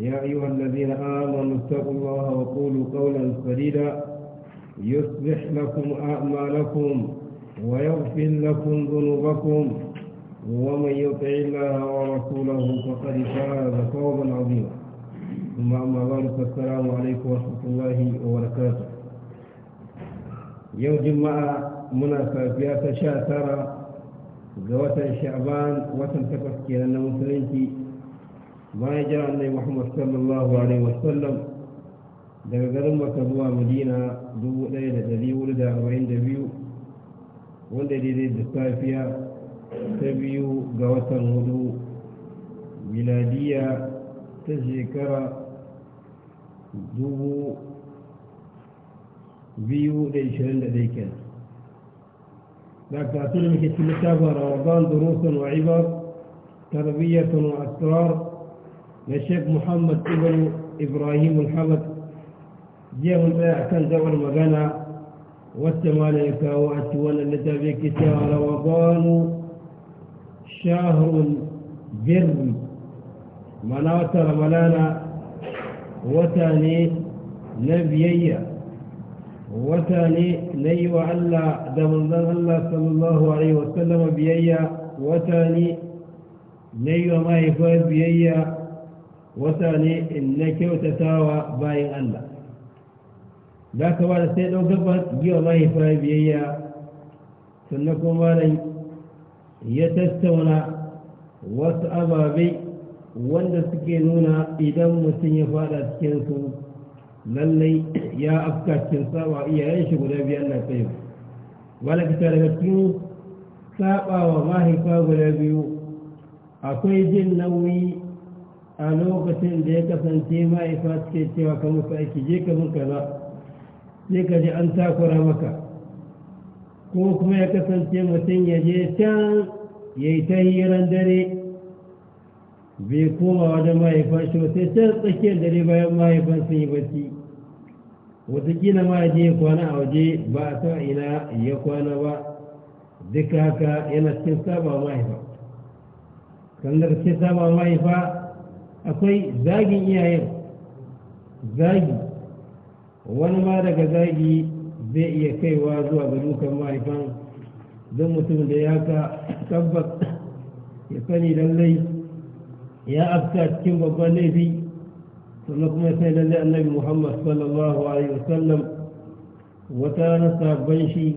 يا أيها الذين آمنوا اتقوا الله وقولوا قولا سديدا يصلح لكم أعمالكم ويغفر لكم ذنوبكم ومن يطع الله ورسوله فقد فاز فوزا عظيما ثم أما بعد فالسلام عليكم ورحمة الله وبركاته يوم جمعة مناسبة شاترة ga watan وتنتقص watan takwas kenan bayan jira annai muhammad sallallahu alaihi wasallam daga garin maka zuwa madina dubu ɗaya da ɗari hudu da arba'in da biyu wanda daidai da safiya ta biyu ga watan hudu miladiya ta shekara dubu biyu da ishirin da ɗaya kenan da ka tuna muke cikin littafin ramadan durusun wa ibar tarbiyyatun wa شيخ محمد ابن إبراهيم الحمد جيهم بيع كان دور مغانا والتمالي كاو أتوانا لتابي كتاب رمضان شهر البر مناوت رمضان وتاني نبيي وتاني نيوى ألا دمنزل الله صلى الله عليه وسلم بيي وتاني نيوى ما يفعل بيي wata ne na kyautatawa bayan Allah da ka ba da sai ɗau gaban yi wa mahaifa biyayya sannan kuma da ya tattauna wasu ababe wanda suke nuna idan mutum ya fada cikinsu lallai ya afka cikin saba iyayen shi guda biyu Allah kai wala fita daga cikin saba wa mahaifa guda biyu akwai jin nauyi a lokacin da ya kasance ma'aifa suke cewa ka musu aiki je ka mun kaza je ka ji an takura maka ko kuma ya kasance mutum ya je can ya yi ta hiran dare bai koma wajen mahaifan shi wata can tsakiyar dare bayan mahaifan sun yi bacci watakila ma ya je kwana a waje ba a sa ina ya kwana ba duka haka yana cikin saba ma'aifa kan da cikin saba akwai zagin iyayen zagi wani ma daga zagi zai iya kaiwa zuwa ga dukan mahaifan don mutum da ya ka tabbas ya sani lallai ya afta cikin babban laifi sannan kuma sai lallai annabi muhammad sallallahu alaihi wasallam wata rana sabon shi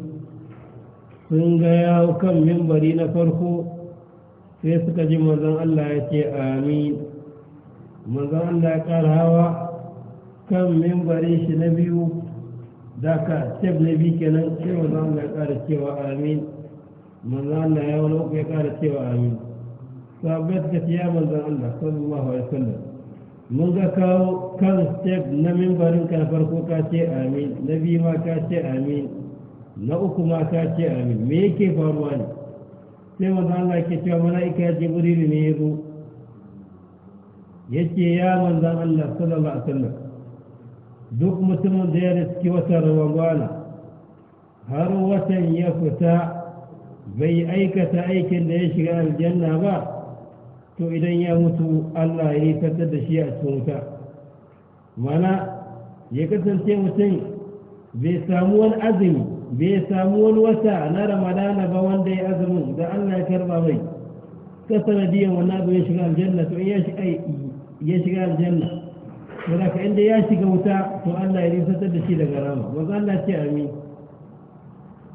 sun ga yawo kan mimbari na farko sai suka ji mazan allah ya ce amin manzo Allah ya ƙara hawa kan membarin shi na biyu da ka na biyu kenan sai manzo Allah ya ƙara cewa amin manzo Allah ya wani uku ya ƙara cewa amin sabbat ka ya manzo Allah sallallahu alaihi wasallam mun ga kawo kan tef na membarin ka farko ka ce amin na biyu ma ka ce amin na uku ma ka ce amin me yake faruwa ne sai manzo Allah ke cewa mala'ika jibril ne ya zo yake ya manzan Allah sallallahu alaihi wasallam duk mutumin da ya riski wata rawangwana har watan ya fita bai aikata aikin da ya shiga aljanna ba to idan ya mutu Allah ya yi da shi a cikin wuta mana ya kasance mutum bai samu wani azumi bai samu wani wata na ramadana ba wanda ya azumin da Allah ya karba mai na sanadiyar wannan abu ya shiga aljanna to in ya shiga ya shiga aljanna wadda ka inda ya shiga wuta to Allah ya nisantar da shi daga rama wanzu Allah ce amin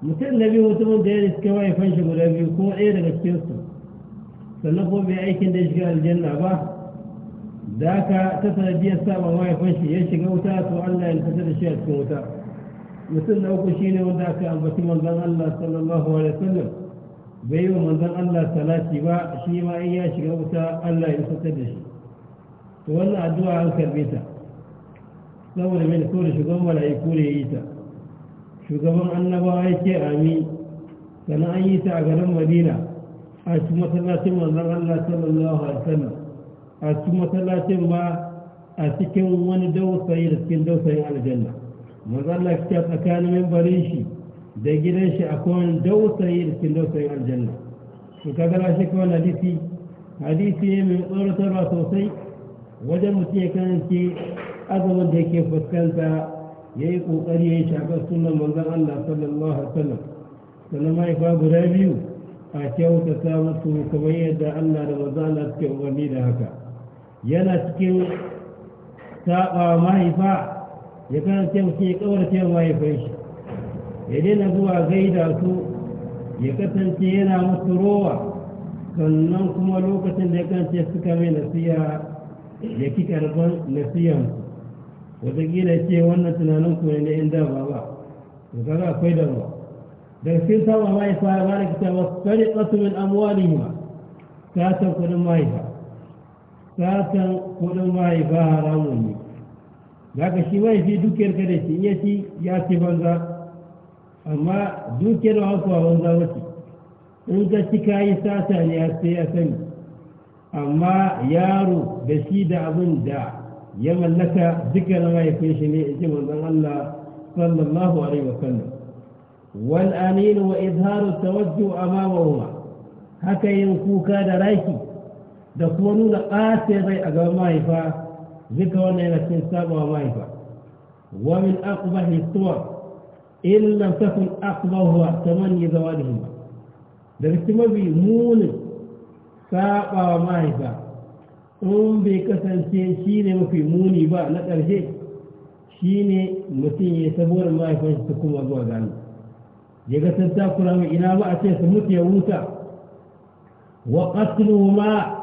mutum na biyu mutumin da ya riska waifan shi guda biyu ko ɗaya daga cikinsu sannan ko bai aikin da ya shiga aljanna ba da aka ta sanadiyar saman waifan shi ya shiga wuta to Allah ya nisantar da shi a cikin wuta mutum na uku shine wanda aka ambaci manzon Allah sallallahu alaihi wasallam bai yi wa manzon Allah salati ba shi ma in ya shiga wuta Allah ya nisantar da shi to wannan addu'a an karbe ta saboda mai so da shugaban mala'iku da ya yi ta shugaban annabawa ya ce amin sannan an yi ta a garin madina a cikin masallacin manzon allah sallallahu alaihi wasallam a cikin masallacin ba a cikin wani dausayi da cikin dausayin aljanna manzon allah ya tsakanin membarin shi da gidan shi akwai wani dausayi da cikin dausayin aljanna to kaga na shi kawai hadisi hadisi ne mai tsoratarwa sosai wajen mutum ya kasance azumin da yake fuskanta ya yi ƙoƙari ya yi shafar sunan manzan Allah sallallahu alaihi wasallam sannan mahaifa guda biyu a kyautata musu kamar yadda Allah da manzan Allah suke umarni da haka yana cikin saba mahaifa ya kasance mutum ya ƙaurace mahaifai shi ya daina zuwa gaida su ya kasance yana musu rowa sannan kuma lokacin da ya kasance suka mai nasiha ya ki karban nasiyan wataƙila ce wannan tunanin ku ne inda da ba ba za kaga akwai da ba daga cikin saba mahaifa ya bada kita ba sani ƙasumin amwalin ma satan kuɗin mahaifa satan kuɗin mahaifa haramun ne za ka shi mahaifi dukiyar ka da shi iya ci ya ci banza amma dukiyar hausawa banza wace in ka ci kayi sata ne ya sai ya sani amma yaro da shi da abin da ya mallaka duka na mahaifin shi ne in ji manzon Allah sallallahu alaihi wa sallam wal anin wa izharu tawajju amamahuma haka yin kuka da raki da kuma nuna ɓacin rai a gaban mahaifa duka wannan yana cikin sabawa mahaifa wa min aqbahi suwar in lam takun aqbahuwa tamanni zawadihima daga cikin mafi munin saba wa mahaifa in bai kasance shi ne mafi muni ba na ƙarshe shi ne mutum ya sabuwar mahaifin su kuma zuwa gani ya ga takura mai ina ba a ce su mutu ya wuta wa ma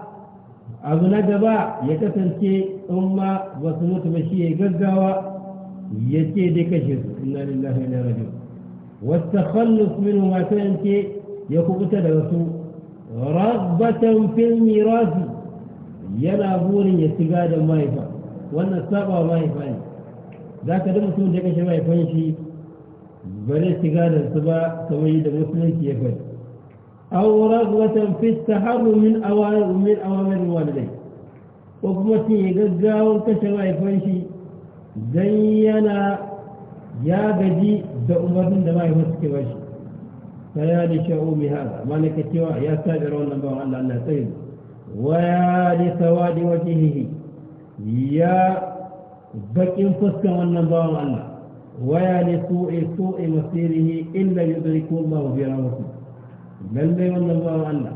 abu na gaba ya kasance in ma ba su mutu ba shi ya gaggawa ya ce dai kashe su ina lillahi wa inna ilaihi raji'un wasu takhallus ya kubuta daga su ragbatan fil mirasi yana burin ya ci gadon mahaifa wannan saba mahaifa ne za ka da mutum da kashe mahaifan shi ba zai ci gadon su ba kamar yadda musulunci ya fari aw ragbatan fi taharru min awamir min awamir walidai ko kuma shi ya gaggawar kashe mahaifan shi dan yana ya gaji da umarnin da mahaifan suke ba shi فيا لشؤوم هذا مالك السوى يا سائر والنبع على الله سيد ويا لسواد وجهه يا بكين فسكا والنبع الله ويا لسوء سوء مصيره إلا يدرك الله في برحمته للي والنبع الله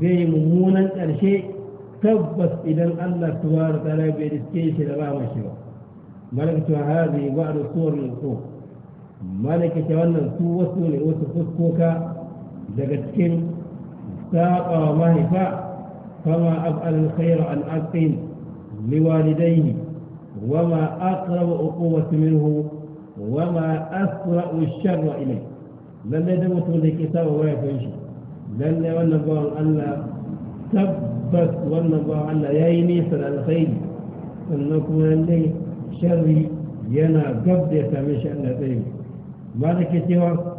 زي ممونا الشيء تبس إلى الله سبحانه وتعالى بإسكيش لرحمة شوى ملكت هذه بعض صور الصور malaka kake wannan su wasu ne wasu fuskoka daga cikin saba wa mahaifa kama af'al alkhairu an aqim liwalidayhi wama aqrabu uquwati minhu wama asra'u sharra ilayhi lalle da mutum da ke saba waya kan shi lalle wannan bawan Allah tabbas wannan bawan Allah yi nisa da alkhairi sannan kuma lalle sharri yana gab da ya same shi Allah tsaye ba da ke cewa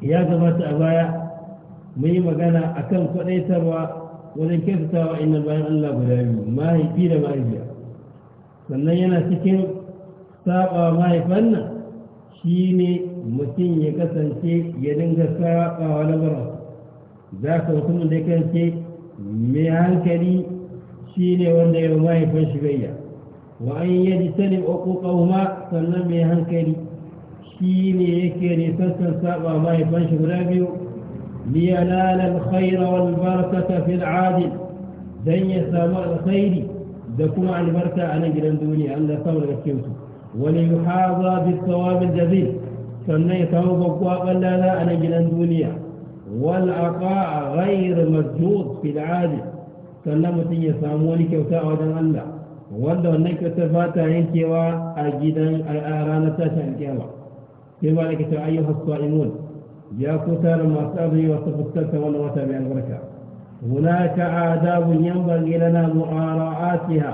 ya gabata a baya mu yi magana a kan kwaɗaitarwa wajen kyautatawa inda bayan Allah guda biyu mahaifi da mahaifiya sannan yana cikin saba mahaifan nan shi ne mutum ya kasance ya dinga saba wa lamarin za ka mutumin da ya kasance mai hankali shi ne wanda ya mahaifin shigayya? gayya wa an sani sannan mai hankali شيني كيني فسنسا والله فانش برابيو ليلال الخير والبركة في العادل زيني سامع الخيري عن البركة أنا جلندوني أن لا تولى وليحاضى بالثواب الجزيل سني ثوب أبواب لا لا أنا جلندوني والعقاء غير مجهود في العادل سلمت يا سامولي كوتا ودا الله وندو نيك تفاتا انكي وا اجدان الارانتا شانكي كما ma nake cewa ayyuhas sa'imun ya ku tarin masu azumi wasu هناك آداب ينبغي لنا مراعاتها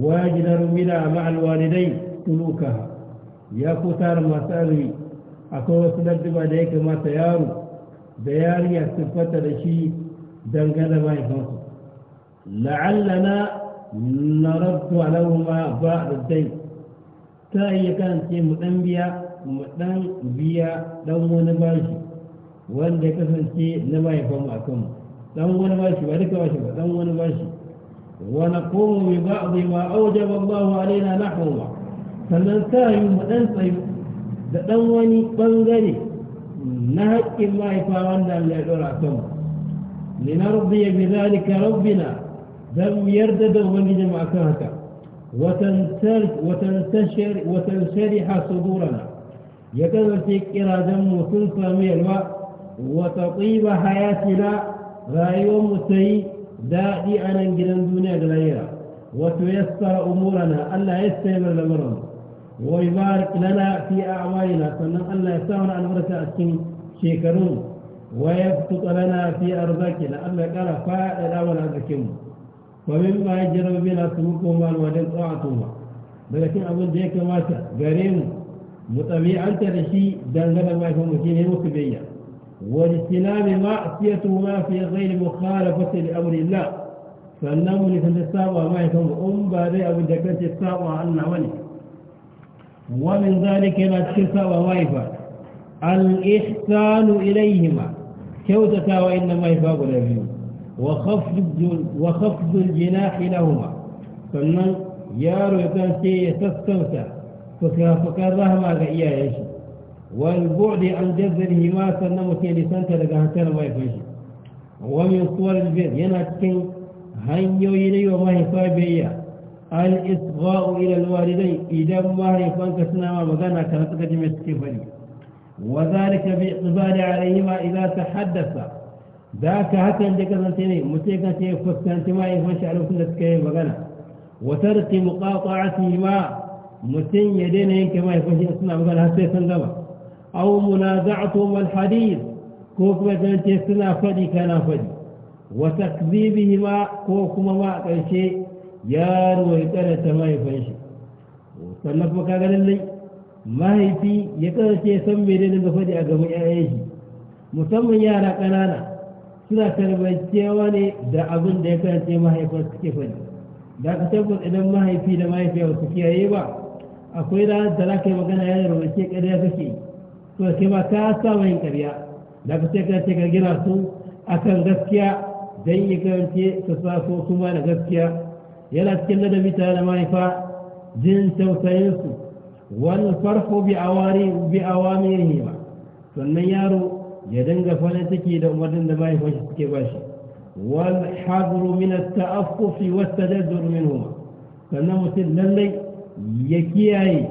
واجدر بنا مع الوالدين سلوكها يا كتار ما سألوي أكو سلد عليك ما تيارو بياري السفة لشي دنقل ما يفوت لعلنا نرد عليهما بعد الدين تأي كانت الأنبياء mu dan biya dan wani bashi wanda ya kasance na mahaifanmu a kanmu dan wani bashi ba duka bashi ba dan wani bashi wani komo mai ba a zai ma auja babbahu alaina na hauma sannan ta yi mu dan tsayu da dan wani bangare na haƙƙin mahaifa wanda ya ɗora a kanmu linarbiya bi zalika rabbina dan yarda da ubangijinmu akan haka وتنتشر وتنشرح صدورنا ya kasance kirajenmu sun sami yalwa wata tsiba hayatina rayuwarmu ta yi daɗi a nan gidan duniya da lahira wato yassara umurana Allah ya sai mana lamarin wa yubarik lana fi a'malina sannan Allah ya sa mana albarka a cikin shekarun wa yabsuta lana fi arzakina Allah ya kara faɗaɗa mana arzikinmu wa min ma yajrabu bina sumukum wal wadin ta'atuma daga cikin abin da ya kamata gare mu mutami'anta da shi dangane da mahaifin mutum ne musu biyya ما في غير مخالفة لأمر الله فالنام لسند الساقع ما يكون أم بادئ أبو دكات عن النعوني ومن ذلك إلى نتشفى ووايفا الإحسان إليهما كوتتا وإنما يفاق الأبيو وخفض, وخفض الجناح لهما فالنام يارو يتنسي يتسكوتا فكاره ما ذا إياه والبعد عن جذره ما سنمت لسانك لقهتان ما يفنش ومن صور البيض ينكين هنيو إلي وما يفابي الإصغاء إلى الوالدين إذا ما يفنك سنما مغانا كانت مسكفني وذلك باعتبار عليهما إذا تحدثا ذاك هكا عندك سنتيني متيكا تيفو سنتيما يفنش على وكنا تكيم مغانا وترك مقاطعتهما mutum ya daina yanke mahaifin a suna magana har sai sun gama au munaza'atuhum wal hadith ko kuma dan ce suna fadi kana fadi zibihi ma ko kuma ma a yaro ya karanta mahaifin shi sannan kuma ganin lallai mahaifi ya karance san me daina da fadi a gaban ƴaƴan shi musamman yara ƙanana suna tarbacewa ne da abin da ya karance mahaifar suke fadi da ka tabbata idan mahaifi da mahaifiyar su kiyaye ba akwai ranar da za ka yi magana ya rubuce ƙarya kake to ke ba ta samu yin ƙarya da ka sai ka ce ka gina su a kan gaskiya don yi karance ka sa so su ma da gaskiya yana cikin ladabi tare da mahaifa jin tausayinsu wani farko bi bi ne ba sannan yaro ya dinga farin ciki da umarnin da shi suke ba shi wal hadru min at-ta'affuf wa at-tadabbur sannan mutum lallai ya kiyaye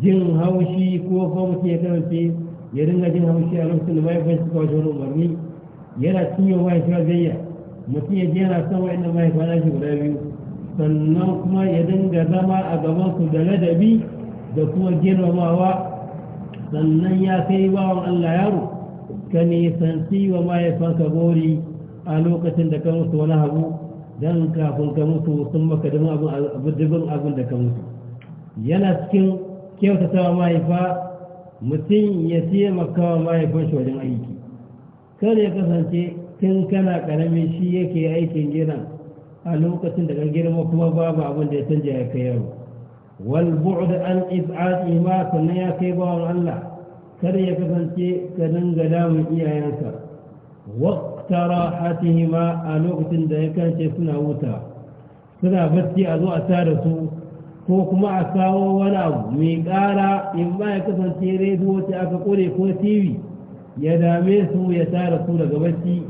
jin haushi ko kuma ya kasance ya dinga jin haushi a lokacin da mahaifin suka wajen wani umarni yana cinye wa shi gayya mutum ya jera yana inda wa'annan mahaifin nashi guda biyu sannan kuma ya dinga zama a gaban su da ladabi da kuma girmamawa sannan ya kai bawan Allah yaro ka nisanci wa ka gori a lokacin da ka mutu wani abu don kafin ka mutu sun maka dubin abin da ka mutu yana cikin kyautatawa mahaifa mutum ya taimaka wa mahaifin shi wajen aiki kar ya kasance tun kana karami shi yake aikin gidan a lokacin da girma kuma babu abin da ya canja ya kai yaro wal bu'd an iz'ati ma sannan ya kai bawan Allah kar ya kasance ka dinga damun iyayensa waqta rahatihima a lokacin da ya kance suna huta, suna bacci a zo a tare su ko kuma a kawo wani abu mai ƙara in ba ya kasance rediyo ce aka kore ko tv ya dame su ya tara su daga bacci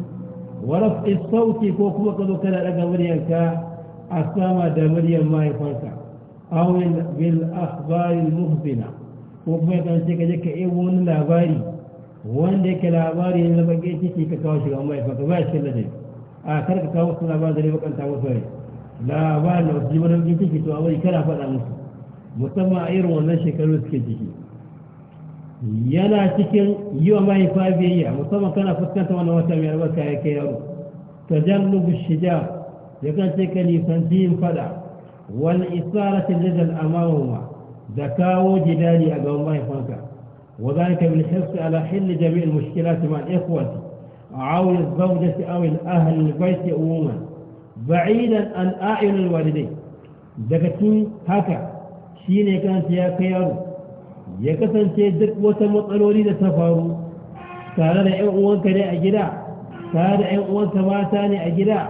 waraf sauti ko kuma ka zo kana daga muryanka a sama da muryan mahaifanka awil bil asibarin muhbina ko kuma ya kasance ka je ka yi wani labari wanda yake labari ne na bakin ciki ka kawo shi ga mahaifanka ba shi ladabi a kar ka kawo su labarin da ne bakanta musu rai na ba da wasu jimarar jin ciki to abai kana faɗa musu musamman a irin wannan shekaru suke ciki yana cikin yi wa mahaifa biyayya musamman kana fuskanta wannan wata mai albarka ya kai yaro ta jannubu shija ya kace ka nisanci yin faɗa wal isara ta jajal amawuma da kawo jidali a gaban mahaifanka wa zalika bil hirsi ala hilli jami'il mushkilati ma ikhwati أو الزوجة أو الأهل البيت عموما ba'idan an a'ilul walidai daga tun haka shine kansa ya kai yaro ya kasance duk wata matsaloli da ta faru tare da 'yan uwanka ne a gida tare da 'yan uwanka mata ne a gida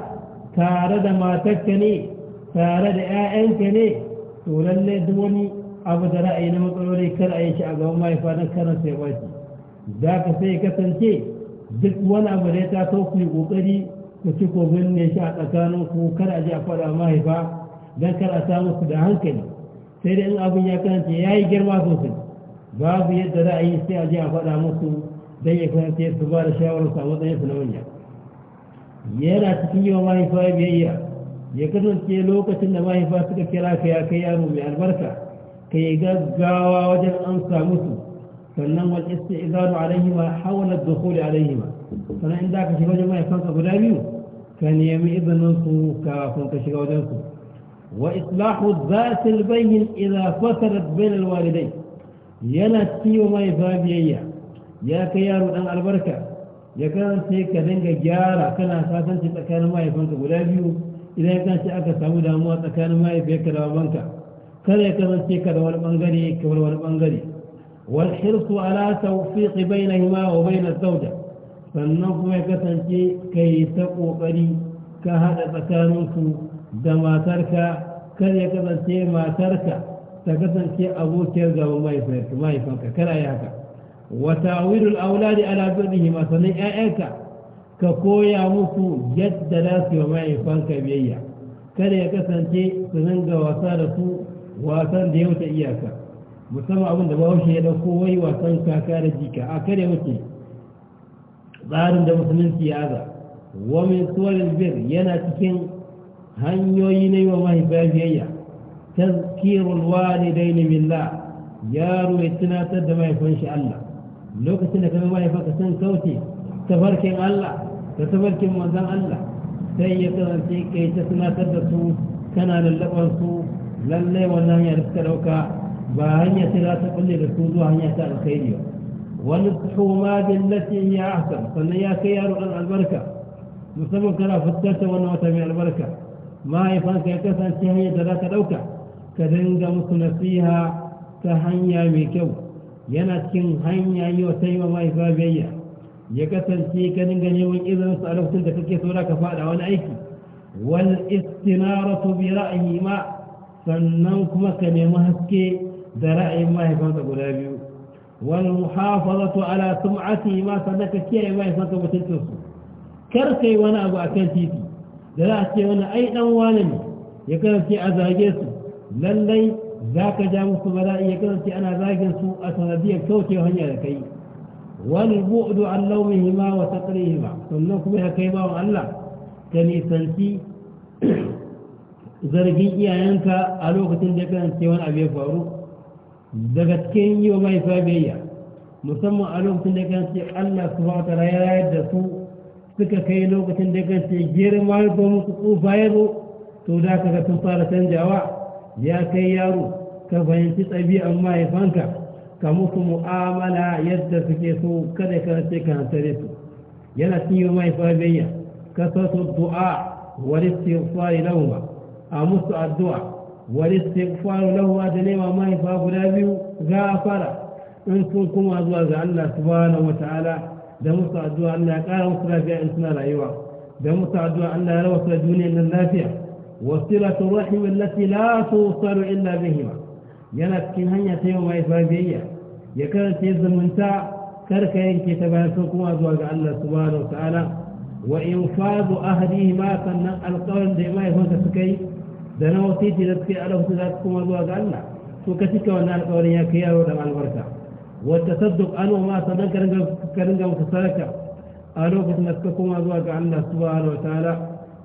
tare da matarka ne tare da 'ya'yanka ne to lallai duk wani abu da ra'ayi na matsaloli kar a yi shi a gaban mahaifa don karan sai ba shi za ka sai kasance duk wani abu da ya taso ku yi ƙoƙari ku ci ko binne shi a tsakanin ku kada ji a faɗa mahaifa don kada ta musu da hankali sai da in abin ya kasance ya yi girma sosai babu yadda za a yi sai a ji a faɗa musu don ya kasance su ba da shawarar su matsayin su na manya yana cikin yawan mahaifa biyayya ya kasance lokacin da mahaifa suka kira ka ya kai yaro mai albarka ka yi gaggawa wajen amsa musu sannan wal isti'zanu alaihima hawala dukhuli alaihima sannan in za ka shiga wajen mahaifanka guda biyu ka nemi izininsu kafin ka shiga wajensu wa islahu zatil bayyin idza fasarat bain alwalidain yana ciwo mahaifa biyayya ya kai yaro dan albarka ya kasance ka dinga gyara kana kasance tsakanin mahaifanka guda biyu idan ya kasance aka samu damuwa tsakanin mahaifiyarka da babanka kada ya kasance ka da wani bangare ka wani bangare wal hirsu ala tawfiq bainahuma wa bain az-zawja sannan kuma ya kasance ka yi ta ƙoƙari ka haɗa tsakaninku da matarka kar ya kasance matarka ta kasance abokiyar gaban mahaifanka kana yi haka wata wirul auladi ala birnihi sannan 'ya'yanka ka koya musu yadda za su yi mahaifanka biyayya kada ya kasance su dinga wasa da su wasan da ya wuce iyaka musamman abin da bahaushe ya ɗauko wai wasan kaka da jika a kada wuce tsarin da musulunci ya za wa min suwarin bir yana cikin hanyoyi na yi wa mahaifa biyayya tazkirul walidaini billah yaro ya tunatar da mahaifin shi Allah lokacin da kaga mahaifa ka san kauce tafarkin Allah da tafarkin manzon Allah sai ya kasance kai ta tunatar da su kana lallaban su lallai wannan hanyar da suka dauka ba hanya ta za ta kulle da su zuwa hanya ta alkhairi ba ونفحوا ماد التي هي أحسن قلنا يا خيار البركة نسمك لا فتاة ونوتا من البركة ما يفانك يتسأل شهية ذلك الأوكا كذنجا مصنا فيها كهنيا ميكو ينتكن هنيا يوتي وما يفابيا يكسل شي كذنجا يوين إذا نسألوك تلتك الكثورة كفارة ونعيك والاستنارة برأي ما فنوكما كان يمهسكي ذرأي ما يفانك أولا بيو والمحافظة على سمعتي ما صدق كيه ما يصدق بتلتنسو كركي وانا أبو أكان تيتي دلاتي وانا أي نوانني يكرم في أزاجيس للي ذاك جامس ملائي يكرم في أنا سوء أسنبيا كوتي وهنيا لكي والبؤد عن لومهما وتقريهما سنوك بها كيما وعلا كان يسنتي zargin iyayenka a lokacin لكي وانا أبي wani daga cikin yi wa mai biyayya musamman a lokacin da kan ce Allah su ba ta rayar da su suka kai lokacin da kan ce girma ba musu tsufa ya zo to da ka ga sun fara canjawa ya kai yaro ka fahimci ɗabi'an mahaifanka ka musu mu'amala yadda suke so kada ka ce ka hantare su yana cin yi wa mahaifa biyayya ka sa su du'a wa listighfari lauma a musu addu'a والاستغفار له أدني وما يفاق لابيه غافر انسلكم أدواز الله سبحانه وتعالى دمست أدواء الله قال وصل في إنسنا رأيوة دمست أدواء الله لوصل دوني إلا النافع وصلة الرحم التي لا توصل إلا بهما ينات كن هنية وما يفاق بيه يكرت يزم انتاع كركين كتبا سوكم أدواز الله سبحانه وتعالى وإنفاذ أهديهما فالقرن دعما يفوز سكيه da na wasiti da suka yi alautu za su kuma zuwa ga Allah to ka cika wannan alƙawarin ya kai yaro da albarka wata sadduk an ma sannan ka ringa musu sadaka a lokacin da suka koma zuwa ga Allah subhanahu wa ta'ala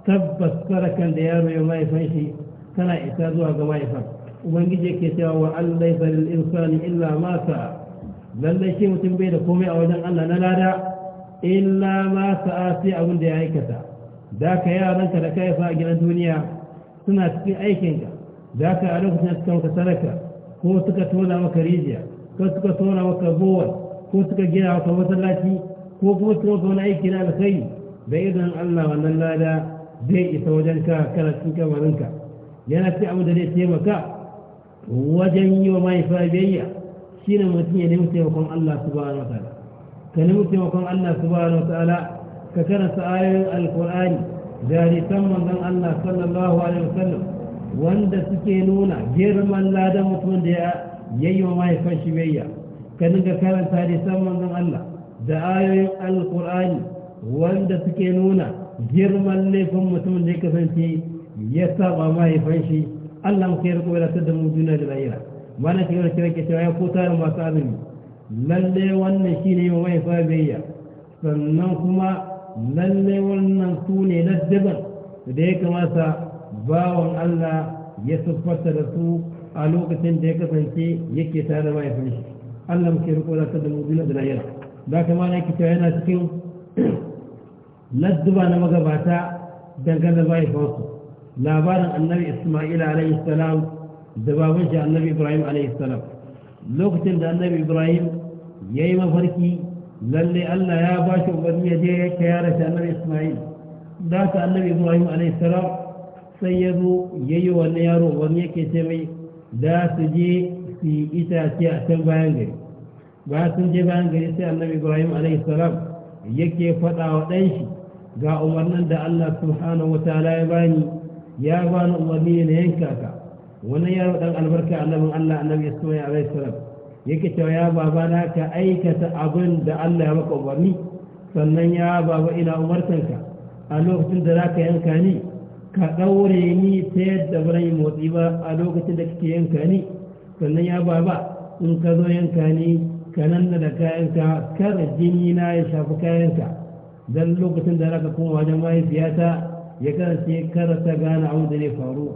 tabbas sadakan da yaro ya mahaifan shi tana isa zuwa ga mahaifan ubangiji ke cewa wa Allah ya lil insani illa ma sa'a lallai shi mutum bai da komai a wajen Allah na lada illa ma sa'a sai abin da ya aikata da ka yaranka da ka yafa a gidan duniya suna cikin aikinka za ka a lokacin suka maka sadaka ko suka tona maka rijiya ko suka tona maka bowal ko suka gina maka masallaci ko kuma suka maka wani aiki na alkhairi da idan Allah wannan lada zai isa wajen ka kana cikin kamarinka yana cikin abu da zai taimaka wajen yi wa mahaifa biyayya ne mutum ya nemi taimakon Allah subhanahu wataala ka nemi taimakon Allah subhanahu wataala ka karanta ayoyin alkur'ani jaritan manzon Allah sallallahu alaihi wasallam wanda suke nuna girman ladan mutum da ya yayi wa mahaifan shi biyayya ka dinga karanta hadisan manzon Allah da ayoyin alqur'ani wanda suke nuna girman laifin mutum da ya kasance ya saba mahaifan shi Allah muke riko da ta da mu juna da lahira mana ke wani kira ke cewa ya kota da masu azumi lalle wannan shine yi wa mahaifa biyayya sannan kuma lalle wannan daban da ya kamata bawan Allah ya siffarta da su a lokacin da ya kasance yake tare da mahaifin shi Allah muke riko da ta da mubila da da kama na kita yana cikin ladduba na magabata dangane da mahaifinsu labarin annabi Isma'il alayhi salam da baban shi annabi Ibrahim alayhi salam lokacin da annabi Ibrahim ya yi mafarki lalle Allah ya ba shi umarni ya je ya kayar da annabi Isma'il da haka annabi ibrahim salam sai ya zo ya yi wannan yaro wani yake ce mai da su je su yi itace a can bayan gari ba sun je bayan gari sai annabi ibrahim salam yake faɗa wa ɗanshi ga umarnin da allah subhanahu wa ta'ala ya bani ya bani umarni na yanka ka wannan yaro dan albarka annabin allah annabi ya soya salam yake cewa ya baba na ka aikata abin da allah ya maka umarni sannan ya baba ina umartanka a lokacin da za ka yanka ni ka ɗaure ni ta yadda ba yi motsi ba a lokacin da kake yanka ni sannan ya ba ba in ka zo yanka ni ka nan da kayanka kar jini na ya shafi kayanka dan lokacin da za ka koma wajen mahaifiyata ya kasance kar ta gane abin da ne faru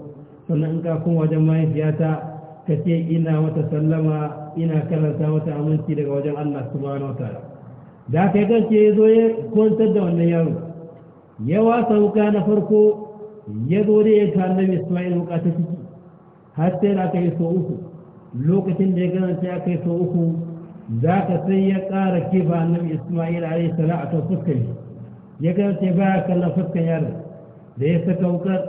sannan in ka koma wajen mahaifiyata ka ce ina mata sallama ina karanta mata aminci daga wajen Allah subhanahu wa ta'ala da ka yi kasance ya zo ya kwantar da wannan yaro يواسو كان فرقو يدوري كان نبي اسماعيل وقاتتك حتى لا كيسوه لوك تنجيقنا سيا كيسوه ذاك سيقا ركيبا نبي اسماعيل عليه السلاعة وفسكي يقنا سيباك الله فسكا يا رب ليس كوكر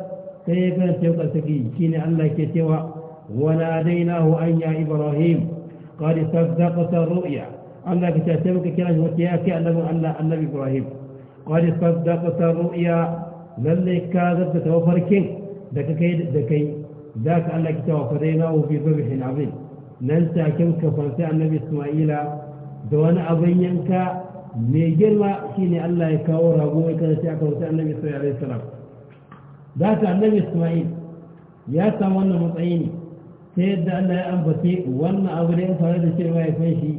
سيقنا سيقا سكي كيني الله كيسوا وناديناه أن يا إبراهيم قال صدقت الرؤيا الله كتاسبك كلاه وتياكي النبي إبراهيم قال صدقت الرؤيا للي كاذب تتوفر كين ذاك كيد ذاكي ذاك الله كتوفرين او في ذبح عظيم ننسى كم كفرت النبي اسماعيل دون ابينك ميجر ما شيني الله يكاور ابو يكاذب كفرت النبي اسماعيل عليه السلام ذاك النبي اسماعيل يا تمنى مطعيني سيد الله أنبتي وانا أبرين فرد الشيء ما يفنشي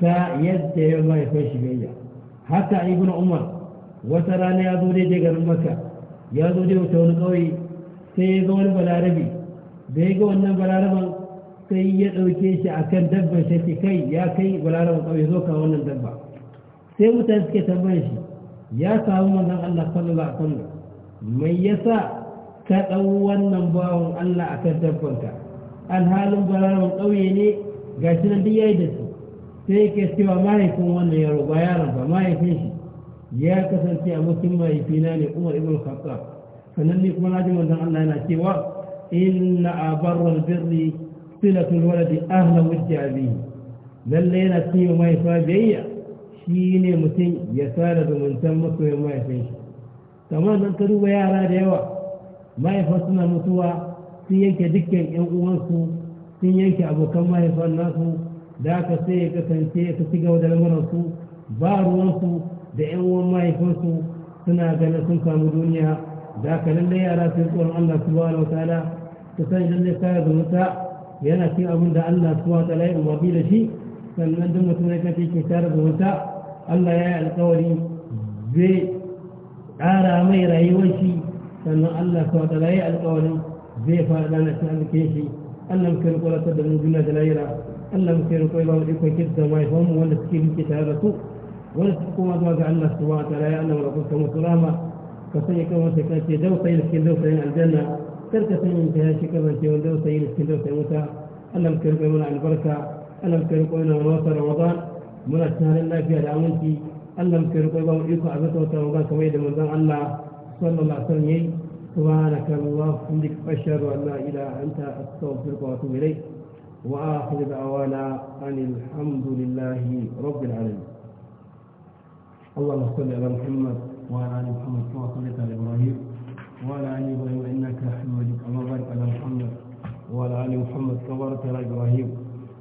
كا يد الله يفنشي بيا حتى ابن عمر wata rana ya zo daidai garin maka ya zo dai wata wani ƙauye sai ya ga wani balarabi da ya ga wannan balaraban sai ya ɗauke shi a kan dabban shi kai ya kai balaraban ƙauye zo kawo wannan dabba sai mutane suke tambayar shi ya samu manzon Allah sallallahu alaihi wasallam mai yasa ka ɗau wannan bawon Allah akan dabbanka alhalin balaraban ƙauye ne gashi nan duk yayi da su sai yake cewa mahaifin wannan yaro ba yaron ba mahaifin shi ya kasance a mutum mahaifina ne umar ibn khatta sannan ne kuma naji manzon Allah yana cewa inna abarral birri silatul waladi ahla wajjabi lalle yana cewa mahaifa biyayya shine mutum ya sada zumuntan masoyan mahaifin shi kamar nan ka duba yara da yawa mai suna mutuwa sun yanke dukkan yan uwansu sun yanke abokan mahaifan nasu da aka sai ya kasance ta ci gaba da lamuransu ba ruwansu da ƴan uwan mahaifinsu suna ganin sun samu duniya da haka lallai yara su yi tsoron Allah subhanahu wa ta'ala su sani lallai kare zumunta yana cin abin da Allah subhanahu wa ta'ala ya umarni da shi sannan duk mutum ya kace ke kare zumunta Allah ya yi alƙawari zai ƙara mai rayuwar shi sannan Allah subhanahu wa ta'ala ya yi alƙawari zai fara dana cin arzikin shi Allah mu kai da mu juna da lahira Allah mu muke rikon ba mu ikon kirta mahaifinmu wanda suke rike tare da su ولسكم ما جعلنا سواء لا يعلم لكم كم سلاما فسن يكون سكاتي دو سيد سكين دو سيد الجنة تلك سن انتهى شكرا شيء دو سيد سكين دو سيد موسى ألم كرقوا من البركة ألم كرقوا من نواصل رمضان من الشهر الله في الأمنتي ألم كرقوا من يقع بطوة رمضان كما يدى من الله صلى الله عليه وسلم سبحانك الله وبحمدك أشهد أن لا إله أنت أستغفرك وأتوب إليك وآخر دعوانا أن الحمد لله رب العالمين اللهم صل على محمد وعلى ال محمد كما صليت على ابراهيم وعلى ال ابراهيم انك حميد مجيد اللهم بارك على محمد وعلى ال محمد كما باركت على ابراهيم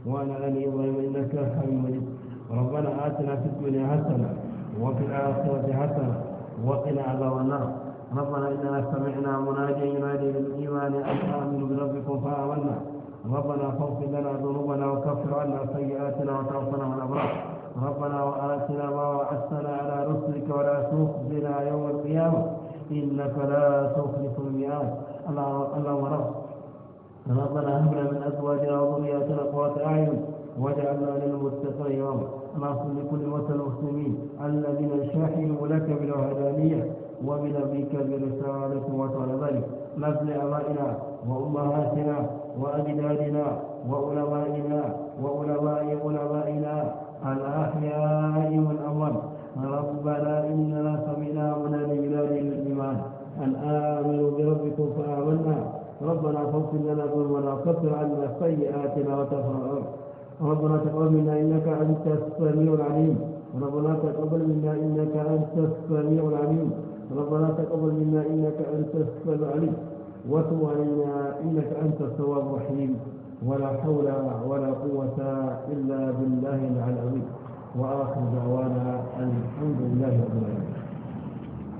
وعلى ال ابراهيم انك حميد مجيد ربنا اتنا في الدنيا حسنه وفي الاخره حسنه وقنا عذاب النار ربنا اننا سمعنا مناديا ينادي للايمان ان امنوا بربكم فامنا ربنا فاغفر لنا ذنوبنا وكفر عنا سيئاتنا وتوفنا من ابرار ربنا وآتنا ما وعدتنا على رسلك ولا تخزنا يوم القيامة إنك لا تخلف الميعاد اللهم رب ربنا هب لنا من أزواجنا وذرياتنا قوة أعين واجعلنا للمتقين إماما اللهم لكل موتى المسلمين الذين شهدوا لك بالوحدانية وبنبيك برسالة وطال ذلك نزل أبائنا وأمهاتنا وأجدادنا وعلمائنا وعلماء علمائنا الأحياء والأموات ربنا إننا سمعنا مناديا للإيمان أن آمنوا بربكم فآمنا ربنا فاغفر لنا ذنوبنا وكفر عنا سيئاتنا وتفرقنا ربنا تقبل منا إنك أنت السميع العليم ربنا تقبل منا إنك أنت السميع العليم ربنا تقبل منا إنك أنت السميع العليم علينا إنك أنت التواب الرحيم ولا حول ولا قوة إلا بالله العلي العظيم وآخر دعوانا الحمد لله رب العالمين